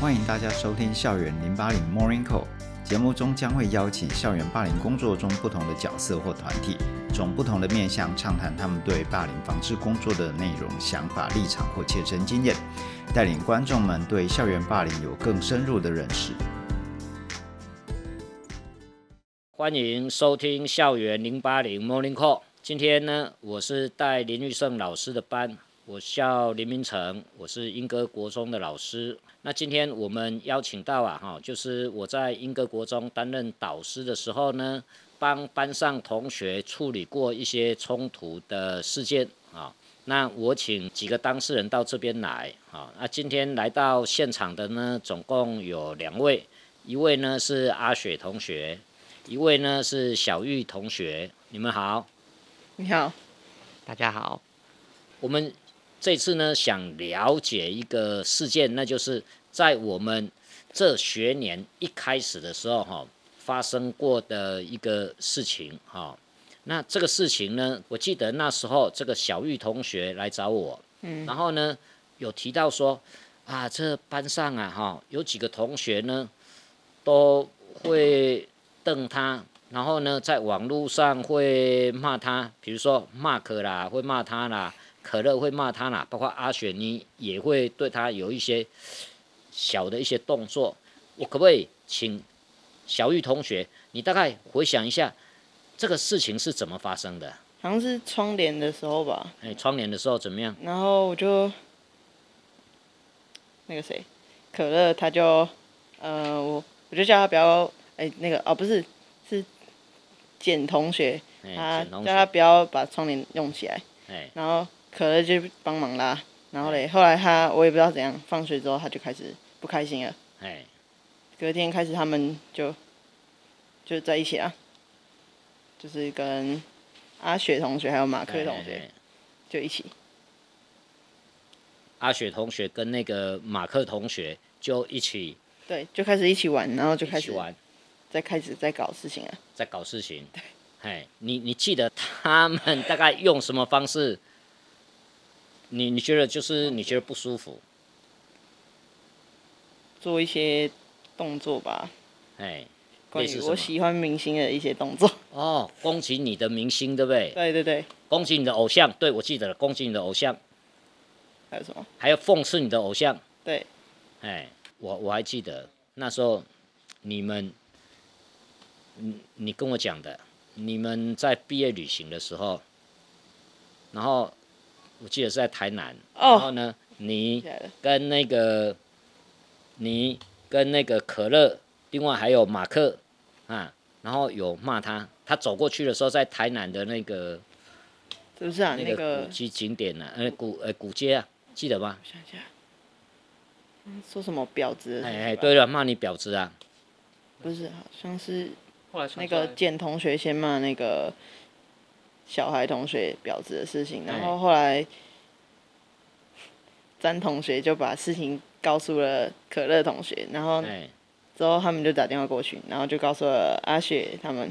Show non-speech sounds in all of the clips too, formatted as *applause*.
歡迎大家收聽《校園零八零 Morning Call》節目中，將會邀請校園霸凌工作中不同的角色或團體，從不同的面向暢談他們對霸凌防治工作的內容、想法、立場或切身經驗，帶領觀眾們對校園霸凌有更深入的認識。歡迎收聽《校園零八零 Morning Call》，今天呢，我是帶林玉勝老師的班。我叫林明誠，我是鶯歌國中的老師。那今天我們邀請到啊，哈，就是我在鶯歌國中擔任導師的時候呢，幫班上同學處理過一些衝突的事件啊。那我請幾個當事人到這邊來啊。那今天來到現場的呢，總共有兩位，一位呢是阿雪同學，一位呢是小玉同學。你們好。你好。大家好。我們。這次呢，想了解一個事件，那就是在我們這學年一開始的時候，哈、哦，發生過的一個事情，哈、哦。那這個事情呢，我記得那時候這個小玉同學來找我，嗯，然後呢，有提到說，啊，這班上啊，哈、哦，有幾個同學呢，都會瞪他，然後呢，在網絡上會罵他，比如說馬克啦，會罵他啦。可樂會罵他啦、啊，包括阿雪你也會對他有一些小的一些動作。我可不可以請小玉同學，你大概回想一下這個事情是怎麼發生的？好像是窗簾的時候吧。哎、欸，窗簾的時候怎麼樣？然後我就那個誰，可樂他就呃，我我就叫他不要哎、欸，那個哦不是是簡同學、欸，他叫他不要把窗簾用起來，欸、然後。可樂就幫忙啦啊，然後嘞，後來他我也不知道怎樣，放學之後他就開始不開心了。哎，隔天開始他們就就在一起啊，就是跟阿雪同學還有馬克同學就一起嘿嘿。阿雪同學跟那個馬克同學就一起。對，就開始一起玩，然後就開始玩，再開始在搞事情啊，在搞事情。對，哎，你你記得他們大概用什麼方式？ *laughs* 你你覺得就是你覺得不舒服，做一些動作吧。哎，關於我喜歡明星的一些動作。哦，攻擊你的明星，對不對？ *laughs* 對對對，攻擊你的偶像。對，我記得了，攻擊你的偶像。還有什麼？還有諷刺你的偶像。對。哎，我我還記得那時候你們，你你跟我講的，你們在畢業旅行的時候，然後。我記得是在台南，哦，然後呢，你跟那個，你跟那個可樂，另外還有馬克，啊，然後有罵他，他走過去的時候在台南的那個，是不是啊，那個古蹟景點呢，啊，呃古呃古街啊，記得嗎？我想一下，說什麼婊子是是？哎哎，對了，罵你婊子啊？不是，好像是那個簡同學先罵那個。小孩同學婊子的事情，然後後來，詹同學就把事情告訴了可樂同學，然後之後他們就打電話過去，然後就告訴了阿雪他們，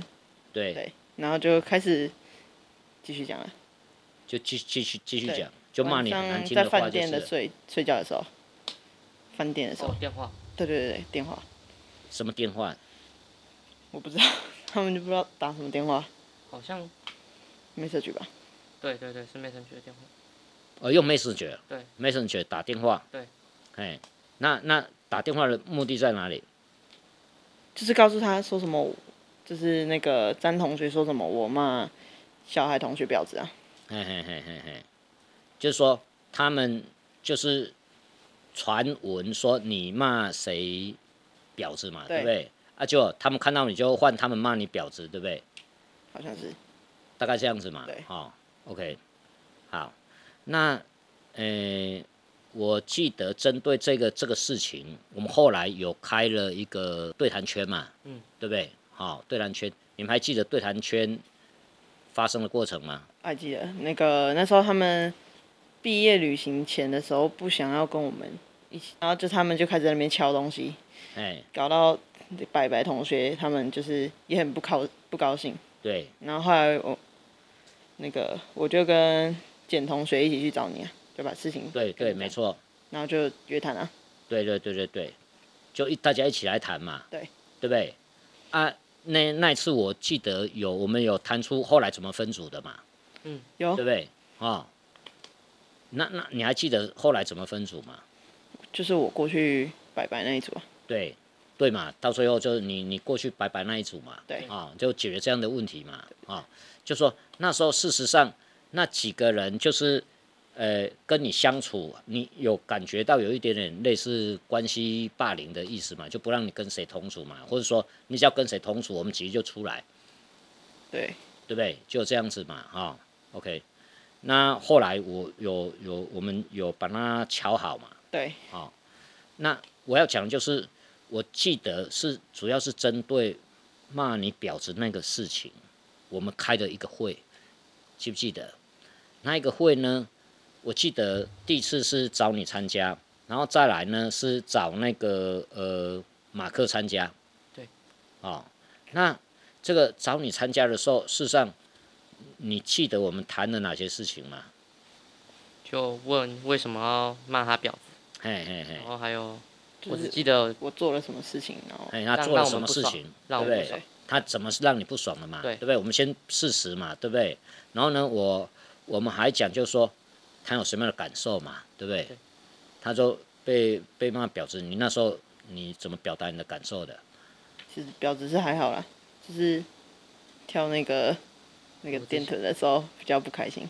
對，對然後就開始繼續講了，就繼繼續繼續講，就罵你難聽的話就是，在飯店的睡睡覺的時候，飯店的時候，哦、電話，對，對對對，電話，什麼電話？我不知道，他們就不知道打什麼電話，好像。Messenger 吧？對對對，是 Messenger 的電話。哦，用 Messenger。對。Messenger 打電話。對。哎，那那打電話的目的在哪裡？就是告訴他說什麼，就是那個詹同學說什麼，我罵小孩同學婊子啊。嘿嘿嘿嘿嘿，就是說他們就是傳聞說你罵誰婊子嘛，對不對？啊就，就他們看到你就換他們罵你婊子，對不對？好像是。大概這樣子嘛，對，好，OK，好，那呃、欸，我記得針對這個這個事情，嗯，我們後來有開了一個對談圈嘛，嗯，對不對？好，哦，對談圈，你們還記得對談圈發生的過程嗎？還記得那個那時候他們畢業旅行前的時候，不想要跟我們一起，然後就他們就開始在那邊敲東西，哎，欸，搞到白白同學他們就是也很不高不高興，對，然後後來我。那個，我就跟簡同學一起去找你啊，就把事情對對，沒錯。然後就約談啊。對對對對對，就一大家一起來談嘛。對，對不對？啊，那那一次我記得有我們有談出後來怎麼分組的嘛。嗯，有。對不對？啊、哦，那那你還記得後來怎麼分組嗎？就是我過去拜拜那一組。對對嘛，到最後就是你你過去拜拜那一組嘛。對啊、哦，就解決這樣的問題嘛啊。哦就說那時候，事實上，那幾個人就是，呃，跟你相處，你有感覺到有一點點類似關係霸凌的意思嘛？就不讓你跟誰同處嘛，或者說你只要跟誰同處，我們幾個就出來，對，對不對？就這樣子嘛，哈、哦，OK。那後來我有有我們有把它喬好嘛，對，好、哦。那我要講就是，我記得是主要是針對罵你婊子那個事情。我們開了一個會，記不記得？那一個會呢？我記得第一次是找你參加，然後再來呢，是找那個呃馬克參加。對。哦，那這個找你參加的時候，事實上你記得我們談了哪些事情嗎？就問為什麼要罵他婊子？嘿嘿嘿。然後還有，我只記得我做了什麼事情，然後他做了什麼事情，讓，讓我們不爽，對不對？對他怎麼是讓你不爽的嘛？對,對不對？我們先事實嘛，對不對？然後呢，我我們還講，就是說他有什麼樣的感受嘛，對不對？對他就被被罵婊子，你那時候你怎麼表達你的感受的？其實婊子是還好啦，就是跳那個那個電臀的時候比較不開心。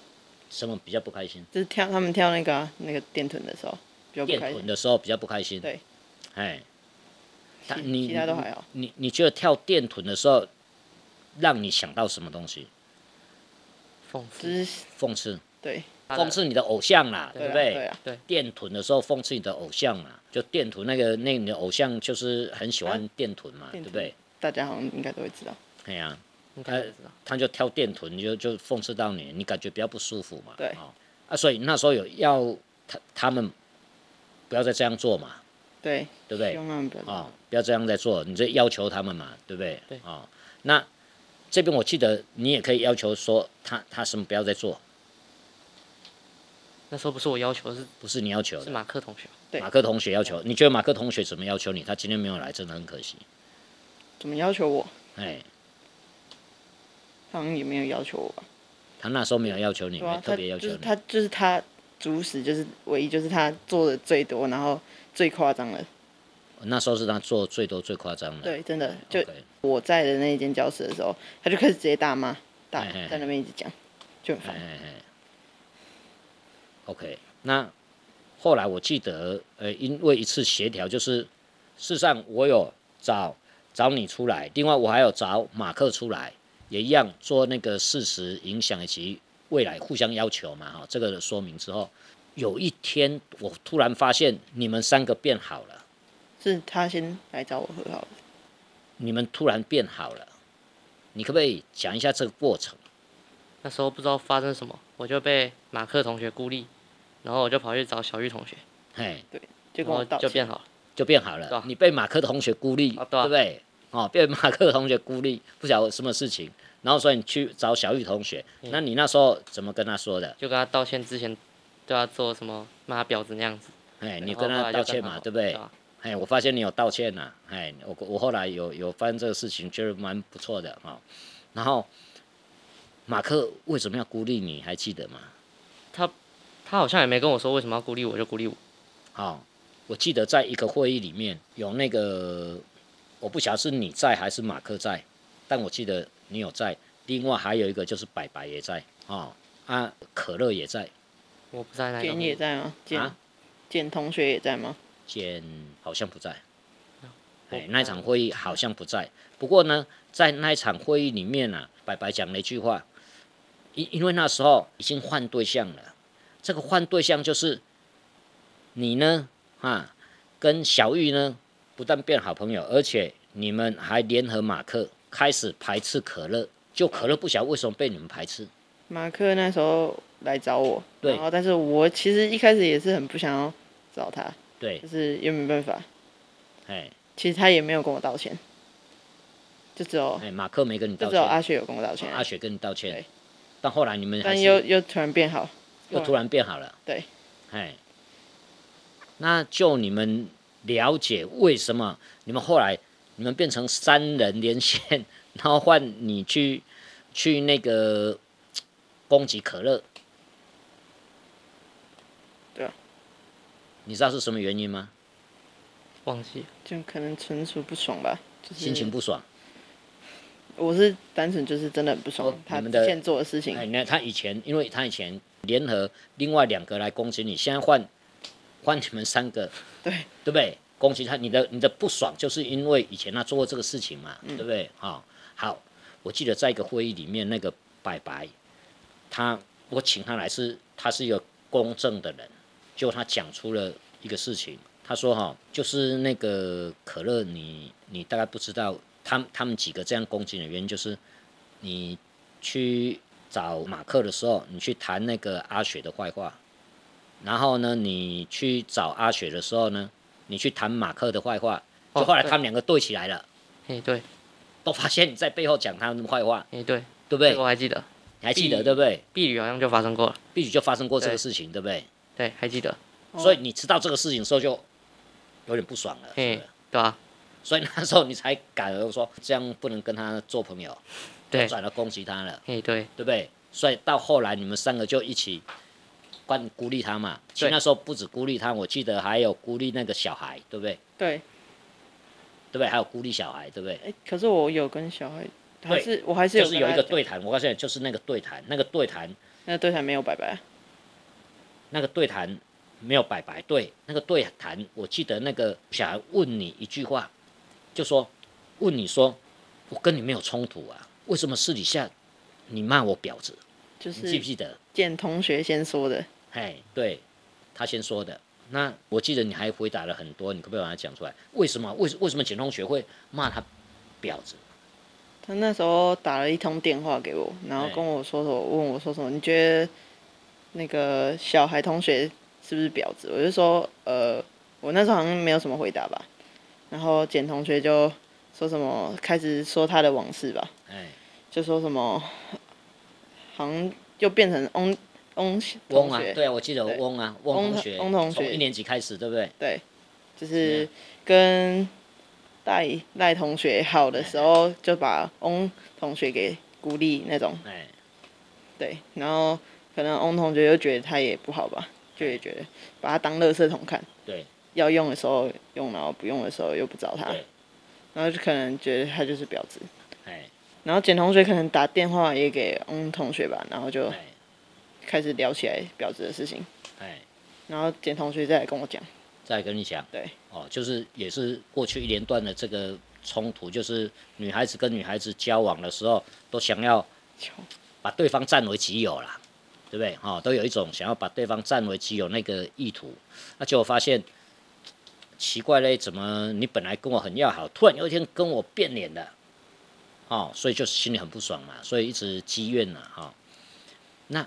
什麼比較不開心？就是跳他們跳那個、啊、那個電臀的時候比較不開心。的時候比較不開心。對。哎。你你你覺得跳電臀的時候，讓你想到什麼東西？諷刺，諷刺，對，諷刺你的偶像啦，對啦，對不對？對，對電臀的時候諷刺你的偶像嘛，就電臀那個，那你的偶像就是很喜歡電臀嘛，嗯、對不對？大家好像應該都會知道。對呀、啊，他他就跳電臀，就就諷刺到你，你感覺比較不舒服嘛。對、哦、啊，所以那時候有要他他們不要再這樣做嘛。對，對不對？哦，不要這樣再做，你這要求他們嘛，對不對？對，哦，那這邊我記得你也可以要求說他他什麼不要再做。那時候不是我要求，是不是你要求的？是馬克同學。對，馬克同學要求。你覺得馬克同學怎麼要求你？他今天沒有來，真的很可惜。怎麼要求我？哎，他好像也沒有要求我吧。他那時候沒有要求你，沒特別要求。他就是他主使，就是、就是、唯一，就是他做的最多，然後。最誇張了，那時候是他做最多最誇張的，對，真的就我在的那一間教室的時候，他就開始直接大罵，大在那邊一直講，就很煩。OK，那後來我記得，呃、欸，因為一次協調，就是事實上我有找找你出來，另外我還有找馬克出來，也一樣做那個事實影響以及未來互相要求嘛，哈，這個的說明之後。有一天，我突然發現你們三個變好了。是他先來找我和好的。你們突然變好了，你可不可以講一下這個過程？那時候不知道發生什麼，我就被馬克同學孤立，然後我就跑去找小玉同學。嘿，對，就跟我道歉，就變好了，就變好了。啊、你被馬克同學孤立對、啊，對不對？哦，被馬克同學孤立，不曉得什麼事情，然後所以你去找小玉同學、嗯。那你那時候怎麼跟他說的？就跟他道歉之前。就要做什麼罵他婊子那樣子？哎，你跟他道歉嘛，後後對不對？哎，我發現你有道歉吶、啊。哎，我我後來有有翻這個事情，覺得蠻不錯的啊、哦。然後馬克為什麼要孤立你？還記得嗎？他他好像也沒跟我說為什麼要孤立我，我，就孤立我。好，我記得在一個會議裡面有那個，我不曉得是你在還是馬克在，但我記得你有在。另外還有一個就是白白也在啊、哦，啊，可樂也在。我不在那裡，簡也在嗎？啊，簡同學也在嗎？簡好像不在。哎、欸，那場會議好像不在。不過呢，在那一場會議裡面啊，白白講了一句話。因因為那時候已經換對象了。這個換對象就是你呢，哈、啊，跟小玉呢，不但變好朋友，而且你們還聯合馬克開始排斥可樂。就可樂不曉得為什麼被你們排斥。馬克那時候。來找我，對，然後但是我其實一開始也是很不想要找他，對，就是也沒辦法，哎，其實他也沒有跟我道歉，就只有哎馬克沒跟你道歉，只有阿雪有跟我道歉。啊、阿雪跟你道歉，但後來你們但又又突然變好又，又突然變好了，對，哎，那就你們了解為什麼你們後來你們變成三人連線，然後換你去去那個攻擊可樂。你知道是什麼原因嗎？忘記，就可能純屬不爽吧、就是。心情不爽。我是單純就是真的很不爽，他之前做的事情。哎，那他以前，因為他以前聯合另外兩個來攻擊你，現在換換你們三個，對對不對？攻擊他，你的你的不爽就是因為以前他做過這個事情嘛，嗯、對不對？哈好，我記得在一個會議裡面，那個拜拜，他我請他來是，他是一個公正的人。.就他講出了一個事情，他說哈，就是那個可樂，你你大概不知道，他他們幾個這樣攻擊的原因就是，你去找馬克的時候，你去談那個阿雪的壞話，然後呢，你去找阿雪的時候呢，你去談馬克的壞話，就後來他們兩個對起來了，哎、哦、對，對，都發現你在背後講他們的壞話，誒，對，對不對？我還記得，你還記得對不對？碧宇好像就發生過了，碧宇就發生過這個事情，對，對不對？對，還記得，所以你知道這個事情的時候就有點不爽了，哦、對啊。所以那時候你才改了說，這樣不能跟他做朋友，對，轉了攻擊他了，嘿，對，對不對？所以到後來你們三個就一起關孤立他嘛。其實那時候不止孤立他，我記得還有孤立那個小孩，對不對？對，對不對？還有孤立小孩，對不對？哎、欸，可是我有跟小孩，還是我還是就是有一個對談，我告訴你，就是那個對談，那個對談，那個對談沒有拜拜。那個對談沒有擺白，對，那個對談，我記得那個小孩問你一句話，就說問你說我跟你沒有衝突啊，為什麼私底下你罵我婊子？就是記不記得？簡同學先說的，簡同學先說的 hey，對，他先說的。那我記得你還回答了很多，你可不可以把它講出來？為什麼？為什為什麼簡同學會罵他婊子？他那時候打了一通電話給我，然後跟我說什麼？Hey。問我說什麼？你覺得？那個小孩同學是不是婊子？我就說，呃，我那時候好像沒有什麼回答吧。然後簡同學就說什麼，開始說他的往事吧。哎，就說什麼，好像又變成翁翁同學。翁啊，對啊，我記得翁啊翁同學。翁同學，翁同學從一年級開始，對不對？對，就是跟賴賴同學好的時候，就把翁同學給孤立那種，哎。對，然後。可能翁同學又覺得他也不好吧，就也覺得把他當垃圾桶看。對。要用的時候用，然後不用的時候又不找他，然後就可能覺得他就是婊子。哎。然後簡同學可能打電話也給翁同學吧，然後就，開始聊起來婊子的事情。哎。然後簡同學再來跟我講。再跟你講。對。哦，就是也是過去一連段的這個衝突，就是女孩子跟女孩子交往的時候都想要，把對方佔為己有啦。對不對？哈，都有一種想要把對方佔為己有那個意圖，那結果發現奇怪嘞，怎麼你本來跟我很要好，突然有一天跟我變臉了，哦，所以就心裡很不爽嘛，所以一直積怨了哈，哦。那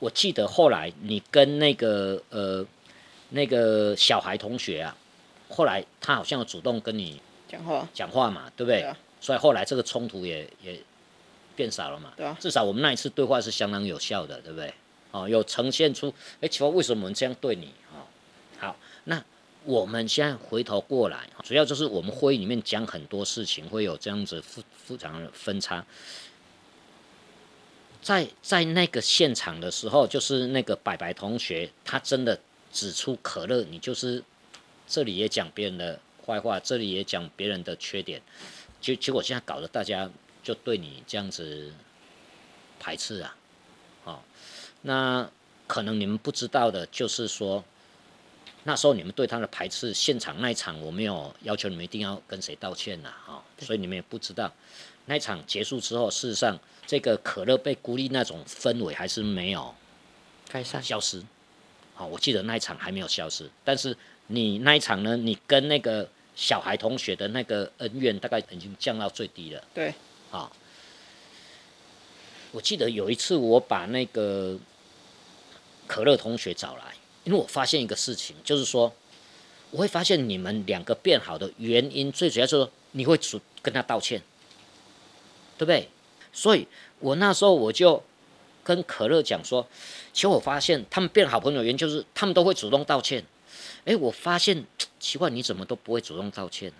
我記得後來你跟那個呃那個小孩同學啊，後來他好像有主動跟你講話講話嘛，對不對？所以後來這個衝突也也。變少了嘛？對啊，至少我們那一次對話是相當有效的，對不對？哦，有呈現出，哎、欸，請問為什麼我們這樣對你？哦，好，那我們現在回頭過來，主要就是我們會議裡面講很多事情會有這樣子複複雜的分差。在在那個現場的時候，就是那個白白同學，他真的指出可樂，你就是這裡也講別人的壞話，這裡也講別人的缺點，結結果現在搞得大家。就對你這樣子排斥啊，哦，那可能你們不知道的，就是說那時候你們對他的排斥，現場那一場我沒有要求你們一定要跟誰道歉吶、啊，哈、哦，所以你們也不知道，那一場結束之後，事實上這個可樂被孤立那種氛圍還是沒有改善消失，好、哦，我記得那一場還沒有消失，但是你那一場呢，你跟那個小孩同學的那個恩怨大概已經降到最低了，對。啊、哦！我記得有一次，我把那個可樂同學找來，因為我發現一個事情，就是說我會發現你們兩個變好的原因，最主要就是你會主跟他道歉，對不對？所以，我那時候我就跟可樂講說，其實我發現他們變好朋友的原因就是他們都會主動道歉。哎、欸，我發現奇怪，你怎麼都不會主動道歉？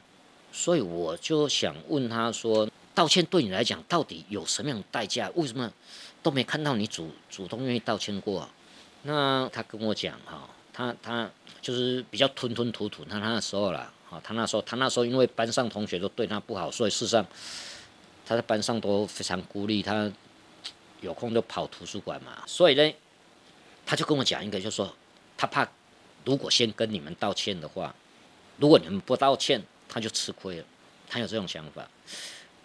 所以我就想問他說。道歉對你來講到底有什麼樣的代價？為什麼都沒看到你主主動願意道歉過、啊？那他跟我講哈、哦，他他就是比較吞吞吐吐。他那時候啦，哈、哦，他那時候他那時候，因為班上同學都對他不好，所以事實上他在班上都非常孤立。他有空就跑圖書館嘛，所以呢，他就跟我講一個，就說他怕如果先跟你們道歉的話，如果你們不道歉，他就吃虧了。他有這種想法。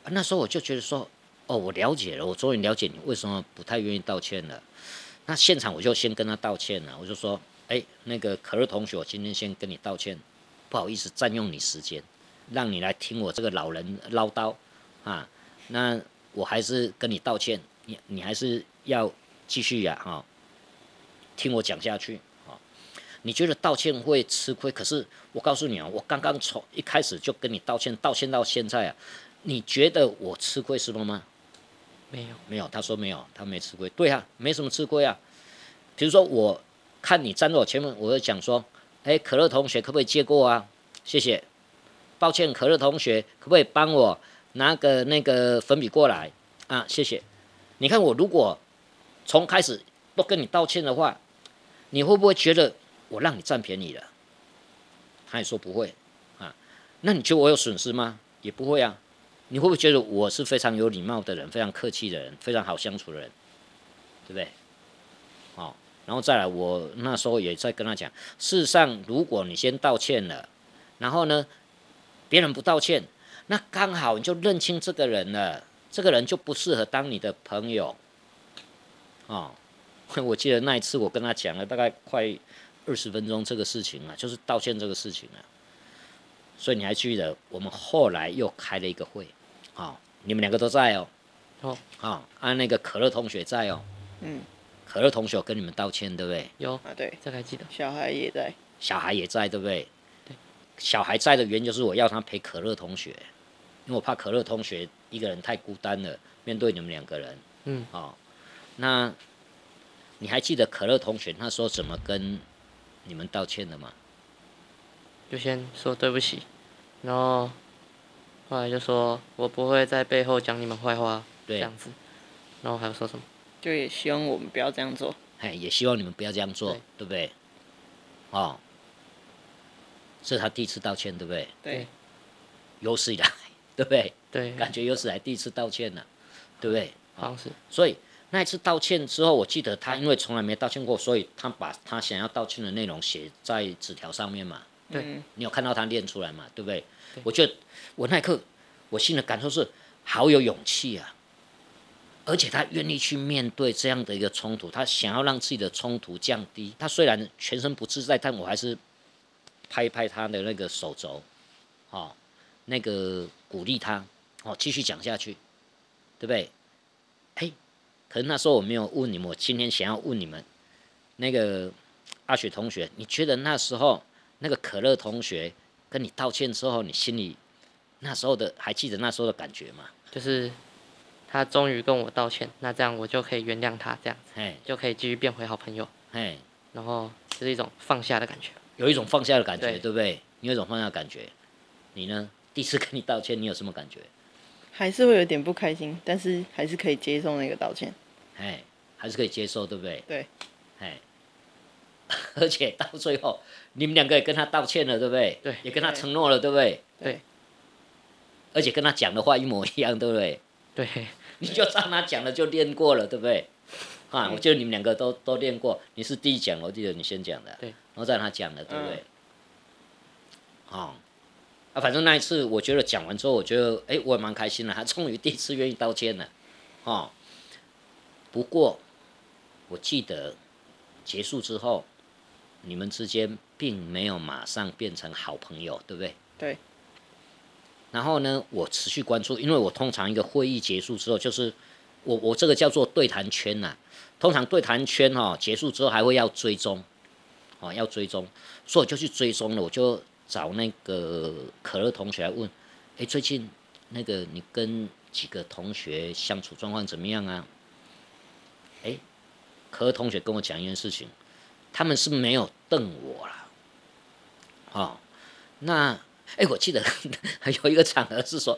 啊，那時候我就覺得說，哦，我了解了，我終於了解你為什麼不太願意道歉了。那現場我就先跟他道歉了，我就說，哎、欸，那個可樂同學，我今天先跟你道歉，不好意思占用你時間，讓你來聽我這個老人嘮叨，啊，那我還是跟你道歉，你你還是要繼續呀，哈，聽我講下去，啊，你覺得道歉會吃虧？可是我告訴你啊，我剛剛從一開始就跟你道歉，道歉到現在啊。你覺得我吃虧是嗎嗎？沒有，沒有。他說沒有，他沒吃虧。對啊，沒什麼吃虧啊。比如說，我看你站在我前面，我就講說：“哎、欸，可樂同學，可不可以借過啊？謝謝。”抱歉，可樂同學，可不可以幫我拿個那個粉筆過來啊？謝謝。你看，我如果從開始不跟你道歉的話，你會不會覺得我讓你占便宜了？他也說不會啊。那你覺得我有損失嗎？也不會啊。你會不會覺得我是非常有禮貌的人，非常客氣的人，非常好相處的人？對不對？哦，然後再來，我那時候也在跟他講，事實上，如果你先道歉了，然後呢，別人不道歉，那剛好你就認清這個人了，這個人就不適合當你的朋友。哦，我記得那一次我跟他講了大概快二十分鐘這個事情啊，就是道歉這個事情啊，所以你還記得我們後來又開了一個會。好、哦，你們兩個都在哦。哦。哦啊，按那個可樂同學在哦。嗯。可樂同學跟你們道歉，對不對？有啊，對，這個、還記得。小孩也在。小孩也在，對不對？對。小孩在的原因就是我要他陪可樂同學，因為我怕可樂同學一個人太孤單了，面對你們兩個人。嗯。哦，那你還記得可樂同學他說怎麼跟你們道歉的嗎？就先說對不起，然後。後來就說：“我不會在背後講你們壞話，這樣子。”然後還要說什麼？就也希望我們不要這樣做。哎，也希望你們不要這樣做，對不對？哦。這是他第一次道歉，對不對？對。有史以來，對不對？對。感覺有史以來第一次道歉了，啊，對不對？啊。所以那一次道歉之後，我記得他因為從來沒道歉過，所以他把他想要道歉的內容寫在紙條上面嘛。對。你有看到他念出來嘛？對不對？我覺得我那一刻，我心裡感受是好有勇氣啊！而且他願意去面對這樣的一個衝突，他想要讓自己的衝突降低。他雖然全身不自在，但我還是拍拍他的那個手肘，好，那個鼓勵他，哦，繼續講下去，對不對？哎，可能那時候我沒有問你們，我今天想要問你們，那個阿雪同學，你覺得那時候那個可樂同學跟你道歉的時候，你心裡那時候的還記得那時候的感覺嗎？就是他終於跟我道歉，那這樣我就可以原諒他，這樣子，哎，就可以繼續變回好朋友。哎，然後就是一種放下的感覺，有一種放下的感覺，對，對不對？你有一種放下的感覺，你呢？第一次跟你道歉，你有什麼感覺？還是會有點不開心，但是還是可以接受那個道歉。哎，還是可以接受，對不對？對。哎。而且到最後，你們兩個也跟他道歉了，對不對？對，也跟他承諾了，對，對不對，對？而且跟他講的話一模一樣，對不對？對。你就讓他講了，就練過了，對不對，對？啊，我覺得你們兩個都都練過。你是第一講，我記得你先講的，對。然後再讓他講的，對不對？嗯、啊，反正那一次，我覺得講完之後，我覺得，哎，我也蠻開心的，他終於第一次願意道歉了，啊。不過，我記得結束之後。你們之間並沒有馬上變成好朋友，對不對？對。然後呢，我持續關注，因為我通常一個會議結束之後，就是我我這個叫做對談圈吶。通常對談圈哈結束之後還會要追蹤，哦要追蹤，所以我就去追蹤了。我就找那個可樂同學來問，哎，最近那個你跟幾個同學相處狀況怎麼樣啊？哎，可樂同學跟我講一件事情。他們是沒有瞪我了，哦，那哎、欸，我記得還有一個場合是說，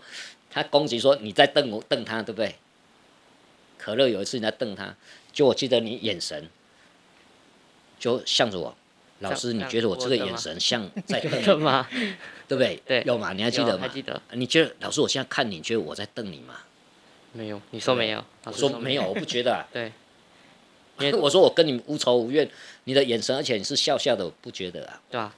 他攻擊說你在瞪我瞪他，對不對？可樂有一次你在瞪他，就我記得你眼神就向着我，老師你覺得我這個眼神像在瞪嗎？對不對？對，有嗎？你還記得嗎？還記得。你覺得老師我現在看你，覺得我在瞪你嗎？沒有，你說沒有。他說沒有，我不覺得。對。我說我跟你無仇無怨，你的眼神，而且你是笑笑的，我不覺得啊。對啊。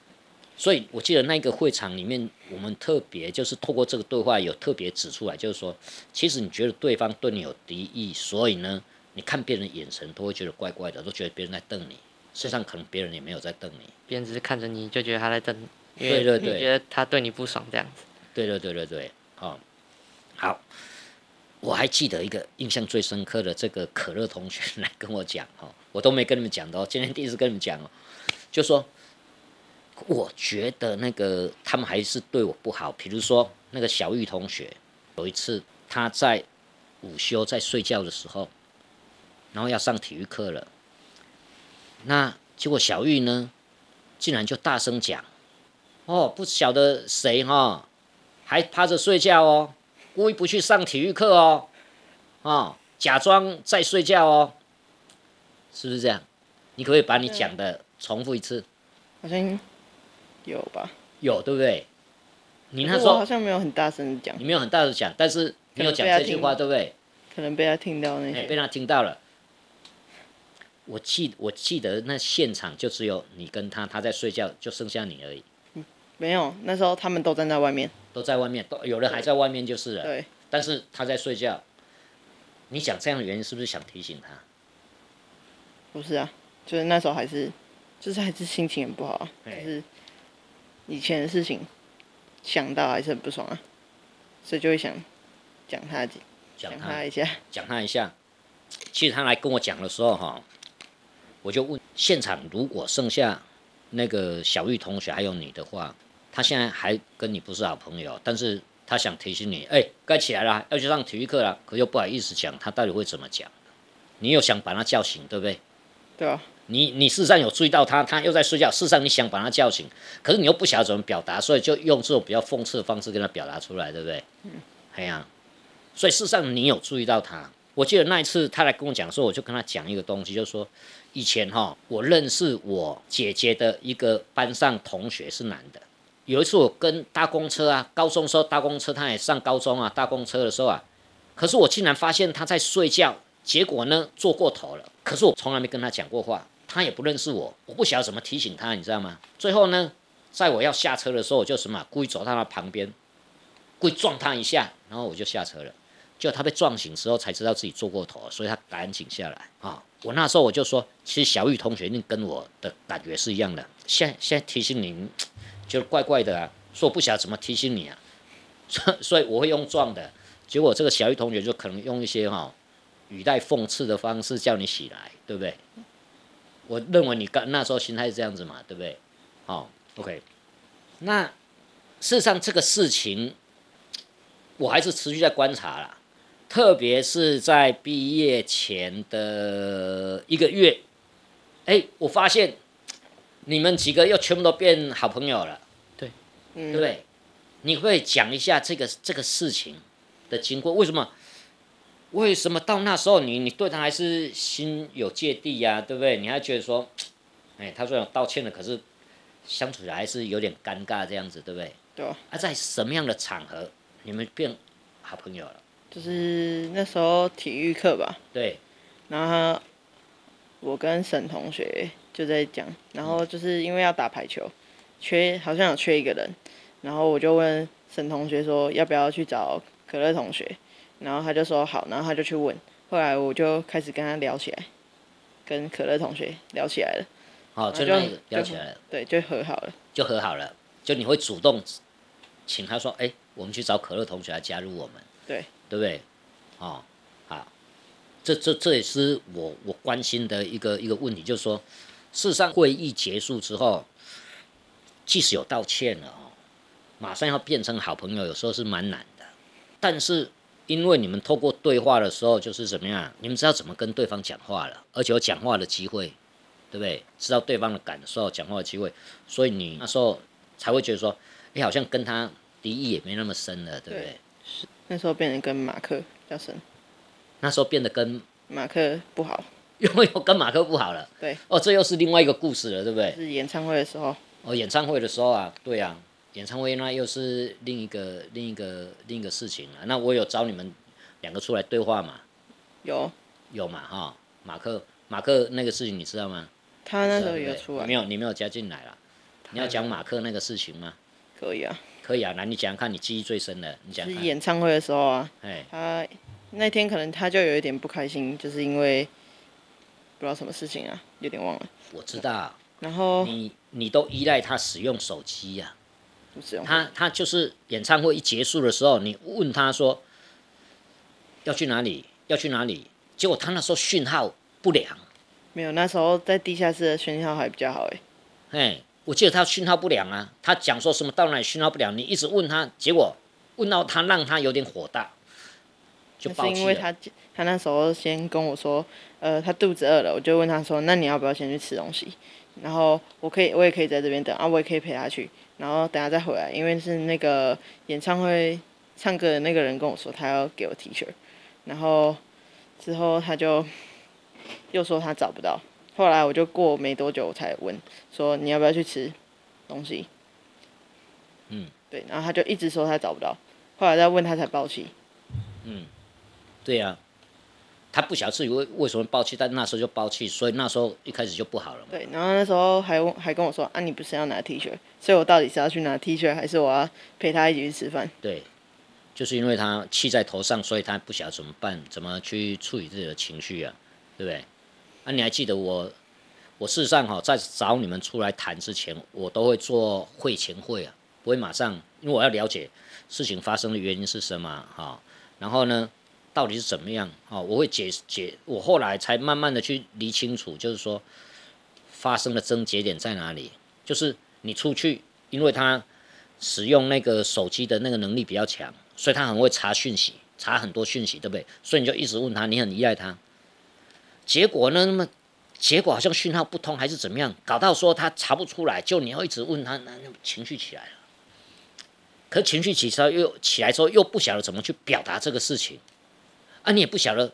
所以，我記得那個會場裡面，我們特別就是透過這個對話，有特別指出來，就是說，其實你覺得對方對你有敵意，所以呢，你看別人的眼神都會覺得怪怪的，都覺得別人在瞪你。事實上，可能別人也沒有在瞪你，別人只是看着你就覺得他在瞪，對對對，覺得他對你不爽這樣子。對對對對對，好、哦，好。我還記得一個印象最深刻的這個可樂同學來跟我講哦，我都沒跟你們講的哦，今天第一次跟你們講哦，就說我覺得那個他們還是對我不好，比如說那個小玉同學，有一次他在午休在睡覺的時候，然後要上體育課了，那結果小玉呢竟然，就大聲講，哦不曉得誰哈，還趴着睡覺哦。故意不去上體育課哦，啊、哦，假裝在睡覺哦，是不是這樣？你可不可以把你講的重複一次？嗯、好像有吧？有對不對？你那時候好像沒有很大聲講。你沒有很大聲講，但是你有講這句話對不對？可能被他聽到那些。欸、被他聽到了。我記我記得那現場就只有你跟他，他在睡覺，就剩下你而已。沒有，那時候他們都站在外面，都在外面，都有人還在外面，就是了。對。但是他在睡覺，你講這樣的原因是不是想提醒他？不是啊，就是那時候還是，就是還是心情很不好啊，就是以前的事情想到還是很不爽啊，所以就會想講他講他，講他一下講他一下。其實他來跟我講的時候哈，我就問現場如果剩下那個小玉同學還有你的話。他現在還跟你不是好朋友，但是他想提醒你，哎、欸，該起來了，要去上體育課了，可又不好意思講，他到底會怎麼講？你又想把他叫醒，對不對？對啊。你你事實上有注意到他，他又在睡覺，事實上你想把他叫醒，可是你又不曉得怎麼表達，所以就用這種比較諷刺的方式跟他表達出來，對不對？嗯。哎呀、啊，所以事實上你有注意到他，我記得那一次他來跟我講的時候，我就跟他講一個東西，就是說以前哈，我認識我姐姐的一個班上同學是男的。有一次我跟搭公車啊，高中的時候搭公車，他也上高中啊。搭公車的時候啊，可是我竟然發現他在睡覺。結果呢，坐過頭了。可是我從來沒跟他講過話，他也不認識我，我不曉得怎麼提醒他，你知道嗎？最後呢，在我要下車的時候，我就什麼、啊、故意走到他旁邊，故意撞他一下，然後我就下車了。就他被撞醒之後才知道自己坐過頭，所以他趕緊下來啊、哦。我那時候我就說，其實小玉同學你跟我的感覺是一樣的。現在現在提醒您。就怪怪的啊，說我不曉得怎麼提醒你啊，所以我會用撞的，結果這個小玉同學就可能用一些哈語帶諷刺的方式叫你起來，對不對？我認為你剛那時候心態是這樣子嘛，對不對？好，OK。那事實上這個事情，我還是持續在觀察了，特別是在畢業前的一個月，哎、欸，我發現。你們幾個又全部都變好朋友了，對，嗯、對不對？你會講一下這個這個事情的經過，為什麼？為什麼到那時候你你對他還是心有芥蒂呀？、啊？對不對？你還覺得說，哎，他雖然道歉了，可是相處起來還是有點尷尬這樣子，對不對？對、啊。那、啊、在什麼樣的場合你們變好朋友了？就是那時候體育課吧。對。然後我跟沈同學。就在講，然後就是因為要打排球，缺好像有缺一個人，然後我就問沈同學說要不要去找可樂同學，然後他就說好，然後他就去問，後來我就開始跟他聊起來，跟可樂同學聊起來了，好、哦，就這樣子聊起來了，對，就和好了，就和好了，就你會主動請他說，哎、欸，我們去找可樂同學來加入我們，對，對不對？哦，好，這這這也是我我關心的一個一個問題，就是說。事實上，會議結束之後，即使有道歉了，馬上要變成好朋友，有時候是蠻難的。但是，因為你們透過對話的時候，就是怎麼樣？你們知道怎麼跟對方講話了，而且有講話的機會，對不對？知道對方的感受，講話的機會，所以你那時候才會覺得說，你好像跟他敵意也沒那麼深了，對不對？是那時候變得跟馬克比較深，那時候變得跟馬克，跟馬克不好。沒 *laughs* 有跟馬克不好了，對，哦，這又是另外一個故事了，對不對？是演唱會的時候。哦，演唱會的時候啊，對啊，演唱會那又是另一個另一個另一個事情了，啊。那我有找你們兩個出來對話嘛？有，有嘛，哈，哦，馬克，馬克那個事情你知道嗎？他那時候有出來對對，沒有？你沒有加進來啦？你要講馬克那個事情嗎？可以啊，可以啊，那你講看你記憶最深的，你講。是演唱會的時候啊，哎，他那天可能他就有一點不開心，就是因為。不知道什麼事情啊，有點忘了。我知道。嗯、然後你你都依賴他使用手機呀、啊，不用。他他就是演唱會一結束的時候，你問他說要去哪裡要去哪裡，結果他那時候訊號不良。沒有，那時候在地下室的訊號還比較好哎、欸。我記得他訊號不良啊，他講說什麼到哪裡訊號不良，你一直問他，結果問到他讓他有點火大，就爆了，是因為他他那時候先跟我說。呃，他肚子餓了，我就問他說：“那你要不要先去吃東西？”然後我可以，我也可以在這邊等啊，我也可以陪他去，然後等下再回來，因為是那個演唱會唱歌的那個人跟我說他要給我 T 恤，然後之後他就又說他找不到，後來我就過沒多久我才問說：“你要不要去吃東西？”嗯，對，然後他就一直說他找不到，後來再問他才爆氣。嗯，對呀、啊。他不曉得自己為為什麼爆氣，但那時候就爆氣，所以那時候一開始就不好了嘛。對，然後那時候還還跟我說：“啊，你不是要拿 T 恤，所以我到底是要去拿 T 恤，還是我要陪他一起去吃飯？”對，就是因為他氣在頭上，所以他不曉得怎麼辦，怎麼去處理自己的情緒啊？對不對？啊，你還記得我？我事實上哈，在找你們出來談之前，我都會做會前會啊，不會馬上，因為我要了解事情發生的原因是什麼哈、啊。然後呢？到底是怎麼樣？哦，我會解解。我後來才慢慢的去理清楚，就是說發生的症結點在哪裡？就是你出去，因為他使用那個手機的那個能力比較強，所以他很會查訊息，查很多訊息，對不對？所以你就一直問他，你很依賴他。結果呢？那麼結果好像訊號不通，還是怎麼樣？搞到說他查不出來，就你要一直問他，那情緒起來了。可是情緒起來又起來之後，又不曉得怎麼去表達這個事情。啊，你也不曉得，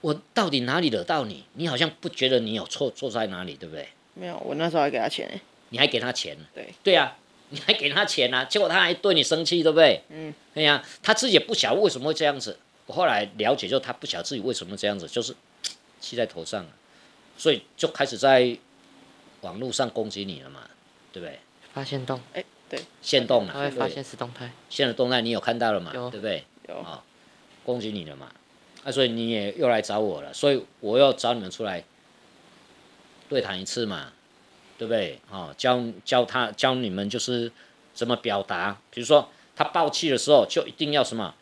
我到底哪裡惹到你？你好像不覺得你有錯，錯在哪裡，對不對？沒有，我那時候還給他錢誒。你還給他錢？對。對啊，你還給他錢啊，結果他還對你生氣，對不對？嗯。對呀、啊，他自己也不曉得為什麼會這樣子。我後來了解，就他不曉得自己為什麼會這樣子，就是氣在頭上，所以就開始在網絡上攻擊你了嘛，對不對？發現動，哎、欸，對，限動了。他會發現是動態，現在動態你有看到了嘛？對不對？有。哦攻擊你了嘛？啊，所以你也又來找我了，所以我又找你們出來對談一次嘛，對不對？啊、哦，教教他教你們就是怎麼表達。比如說他爆氣的時候，就一定要什麼？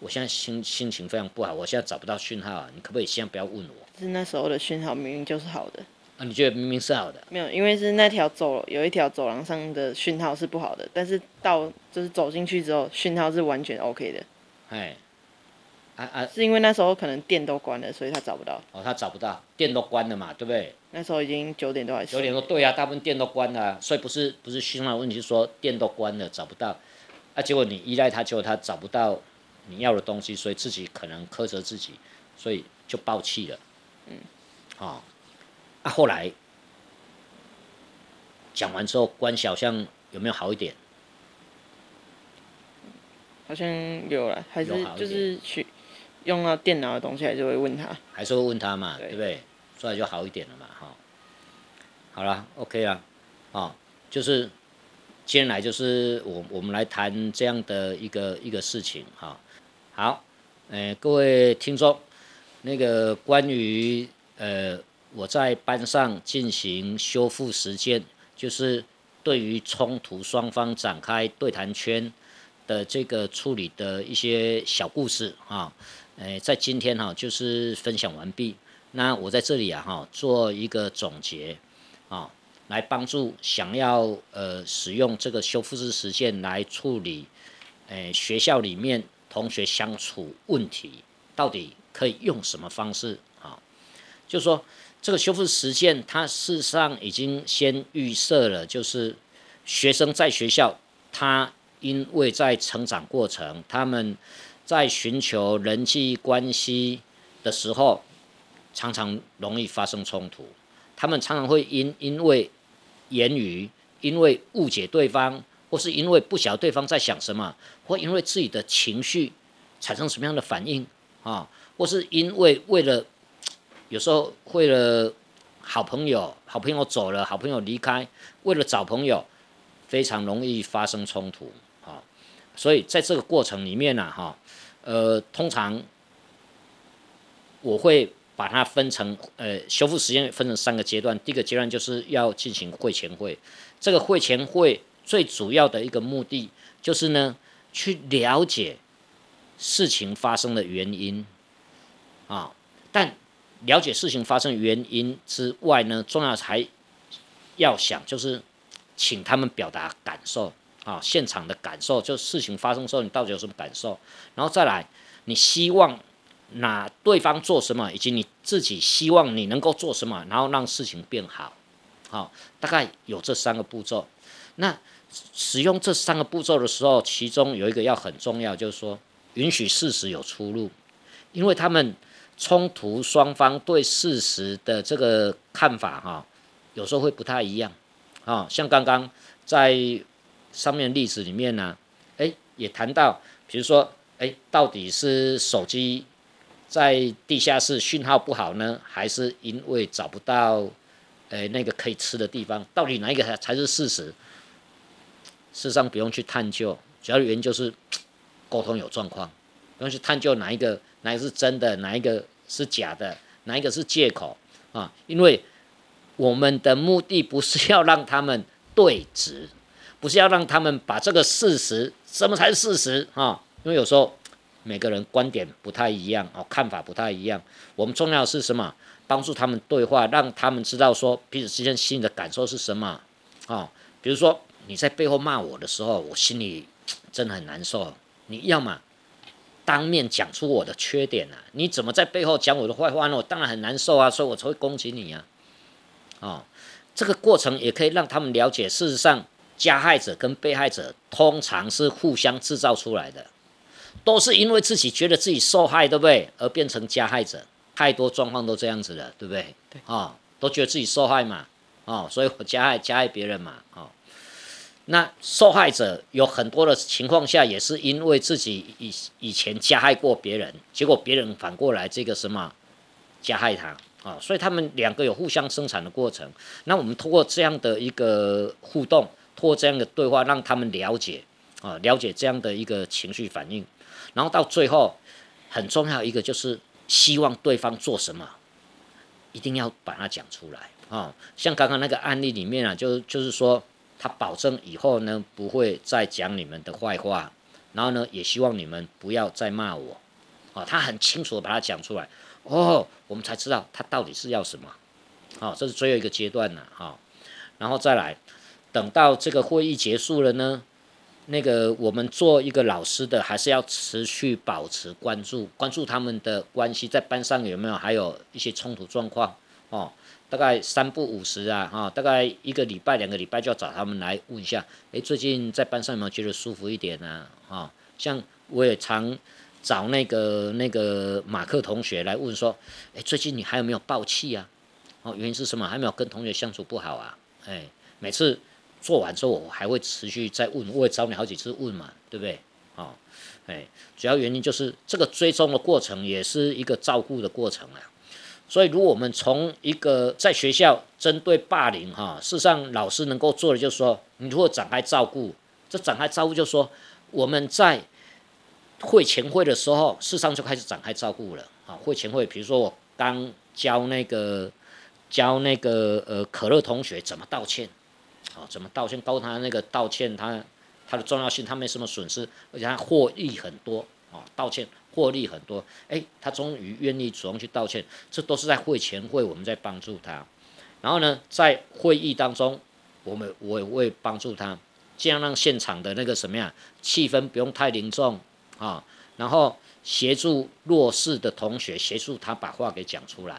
我現在心心情非常不好，我現在找不到訊號、啊，你可不可以先不要問我？是那時候的訊號明明就是好的。啊，你覺得明明是好的？沒有，因為是那條走有一條走廊上的訊號是不好的，但是到就是走進去之後，訊號是完全 OK 的。哎。是因為那時候可能店都關了，所以他找不到。哦，他找不到，店都關了嘛，對不對？那時候已經九點多還是？九點多，對啊，大部分店都關了、啊，所以不是不是訊號的問題，是說店都關了找不到。啊，結果你依賴他，結果他找不到你要的東西，所以自己可能苛責自己，所以就爆氣了。嗯。啊、哦，啊，後來講完之後，關係好像有沒有好一點？好像有了，還是就是去。用到電腦的東西還是會問他，還是會問他嘛，對，對不對？所以就好一點了嘛，哈。好了，OK 啦，好，就是今天來就是我我們來談這樣的一個一個事情哈。好，呃，各位聽眾，那個關於呃我在班上進行修復實踐，就是對於衝突雙方展開對談圈。呃，這個處理的一些小故事啊，誒，在今天哈，就是分享完畢。那我在這裡啊哈，做一個總結啊，來幫助想要呃使用這個修復式實踐來處理誒學校裡面同學相處問題，到底可以用什麼方式啊，就說這個修復式實踐，它事實上已經先預設了，就是學生在學校他。因為在成長過程，他們在尋求人際關係的時候，常常容易發生衝突。他們常常會因因為言語，因為誤解對方，或是因為不曉得對方在想什麼，或因為自己的情緒產生什麼樣的反應啊，或是因為為了有時候為了好朋友，好朋友走了，好朋友離開，為了找朋友，非常容易發生衝突。所以在這個過程裡面呢，哈，呃，通常我會把它分成，呃，修復式實踐分成三個階段。第一個階段就是要進行會前會，這個會前會最主要的一個目的就是呢，去了解事情發生的原因，啊，但了解事情發生原因之外呢，重要還要想就是請他們表達感受。啊，現場的感受，就事情發生的時候你到底有什麼感受，然後再來，你希望拿對方做什麼，以及你自己希望你能夠做什麼，然後讓事情變好，好、哦，大概有這三個步驟。那使用這三個步驟的時候，其中有一個要很重要，就是說允許事實有出入，因為他們衝突雙方對事實的這個看法，哈、哦，有時候會不太一樣，啊、哦，像剛剛在。上面的例子裡面呢、啊，誒、欸，也談到，比如說，誒、欸，到底是手機在地下室訊號不好呢，還是因為找不到，誒、欸，那個可以吃的地方，到底哪一個才才是事實？事實上不用去探究，主要原因就是溝通有狀況，不用去探究哪一個，哪一個是真的，哪一個是假的，哪一個是借口啊。因為我們的目的不是要讓他們對質。不是要讓他們把這個事實，什麼才是事實啊？哦，因為有時候每個人觀點不太一樣哦，看法不太一樣。我們重要的是什麼？幫助他們對話，讓他們知道說彼此之間心裡的感受是什麼啊。哦，比如說你在背後罵我的時候，我心裡真的很難受。你要麼當面講出我的缺點啊，你怎麼在背後講我的壞話呢？我當然很難受啊，所以我才會攻擊你啊。哦，這個過程也可以讓他們了解，事實上。加害者跟被害者通常是互相製造出來的，都是因為自己覺得自己受害，對不對？而變成加害者，太多狀況都這樣子了，對不對？對，啊、哦，都覺得自己受害嘛，啊、哦，所以我加害加害別人嘛，啊、哦，那受害者有很多的情況下也是因為自己以以前加害過別人，結果別人反過來這個什麼加害他啊、哦，所以他們兩個有互相生產的過程。那我們通過這樣的一個互動。或這樣的對話，讓他們了解，啊、哦，了解這樣的一個情緒反應，然後到最後，很重要一個就是希望對方做什麼，一定要把它講出來，啊、哦，像剛剛那個案例裡面啊，就就是說他保證以後呢不會再講你們的壞話，然後呢也希望你們不要再罵我，啊、哦，他很清楚的把它講出來，哦，我們才知道他到底是要什麼，啊、哦。這是最後一個階段了、啊，哈、哦，然後再來。等到這個會議結束了呢，那個我們做一個老師的，還是要持續保持關注，關注他們的關係在班上有沒有還有一些衝突狀況哦。大概三不五時啊，哈、哦，大概一個禮拜、兩個禮拜就要找他們來問一下，哎、欸，最近在班上有沒有覺得舒服一點呢、啊？啊、哦，像我也常找那個那個馬克同學來問說，哎、欸，最近你還有沒有爆氣啊？哦，原因是什麼？還沒有跟同學相處不好啊？哎、欸，每次。做完之後，我還會持續再問，我會找你好幾次問嘛，對不對？好、哦，哎，主要原因就是這個追蹤的過程也是一個照顧的過程啊。所以，如果我們從一個在學校針對霸凌哈、啊，事實上老師能夠做的就是說，你如果展開照顧，這展開照顧就是說我們在會前會的時候，事實上就開始展開照顧了。啊，會前會，比如說我剛教那個教那個呃可樂同學怎麼道歉。好、哦，怎麼道歉？包括他那個道歉他，他他的重要性，他沒什麼損失，而且他獲益很多啊。道歉獲利很多，誒、哦欸，他終於願意主動去道歉，這都是在會前會我們在幫助他。然後呢，在會議當中，我們我也會幫助他，儘量讓現場的那個什麼呀，氣氛不用太凝重啊、哦。然後協助弱勢的同學，協助他把話給講出來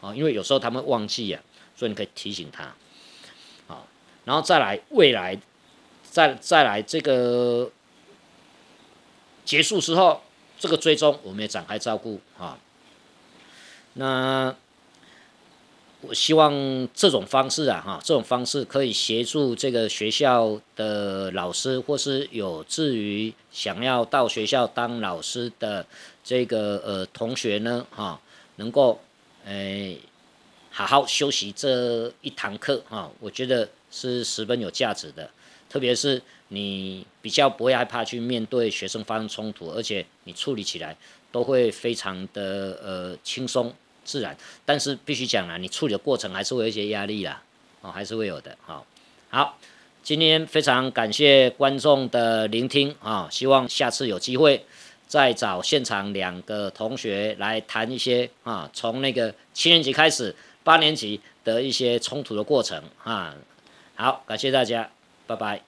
啊、哦，因為有時候他們會忘記呀、啊，所以你可以提醒他。然後再來未來，再再來這個結束之後，這個追蹤我們也展開照顧啊。那我希望這種方式啊，哈，這種方式可以協助這個學校的老師，或是有志於想要到學校當老師的這個呃同學呢，哈，能夠，誒。好好休息這一堂課哈，我覺得是十分有價值的。特別是你比較不會害怕去面對學生發生衝突，而且你處理起來都會非常的呃輕鬆自然。但是必須講啦，你處理的過程還是會有一些壓力啦，哦，還是會有的。好，好，今天非常感謝觀眾的聆聽啊！希望下次有機會再找現場兩個同學來談一些啊，從那個七年級開始。八年級的一些衝突的過程啊，好，感謝大家，拜拜。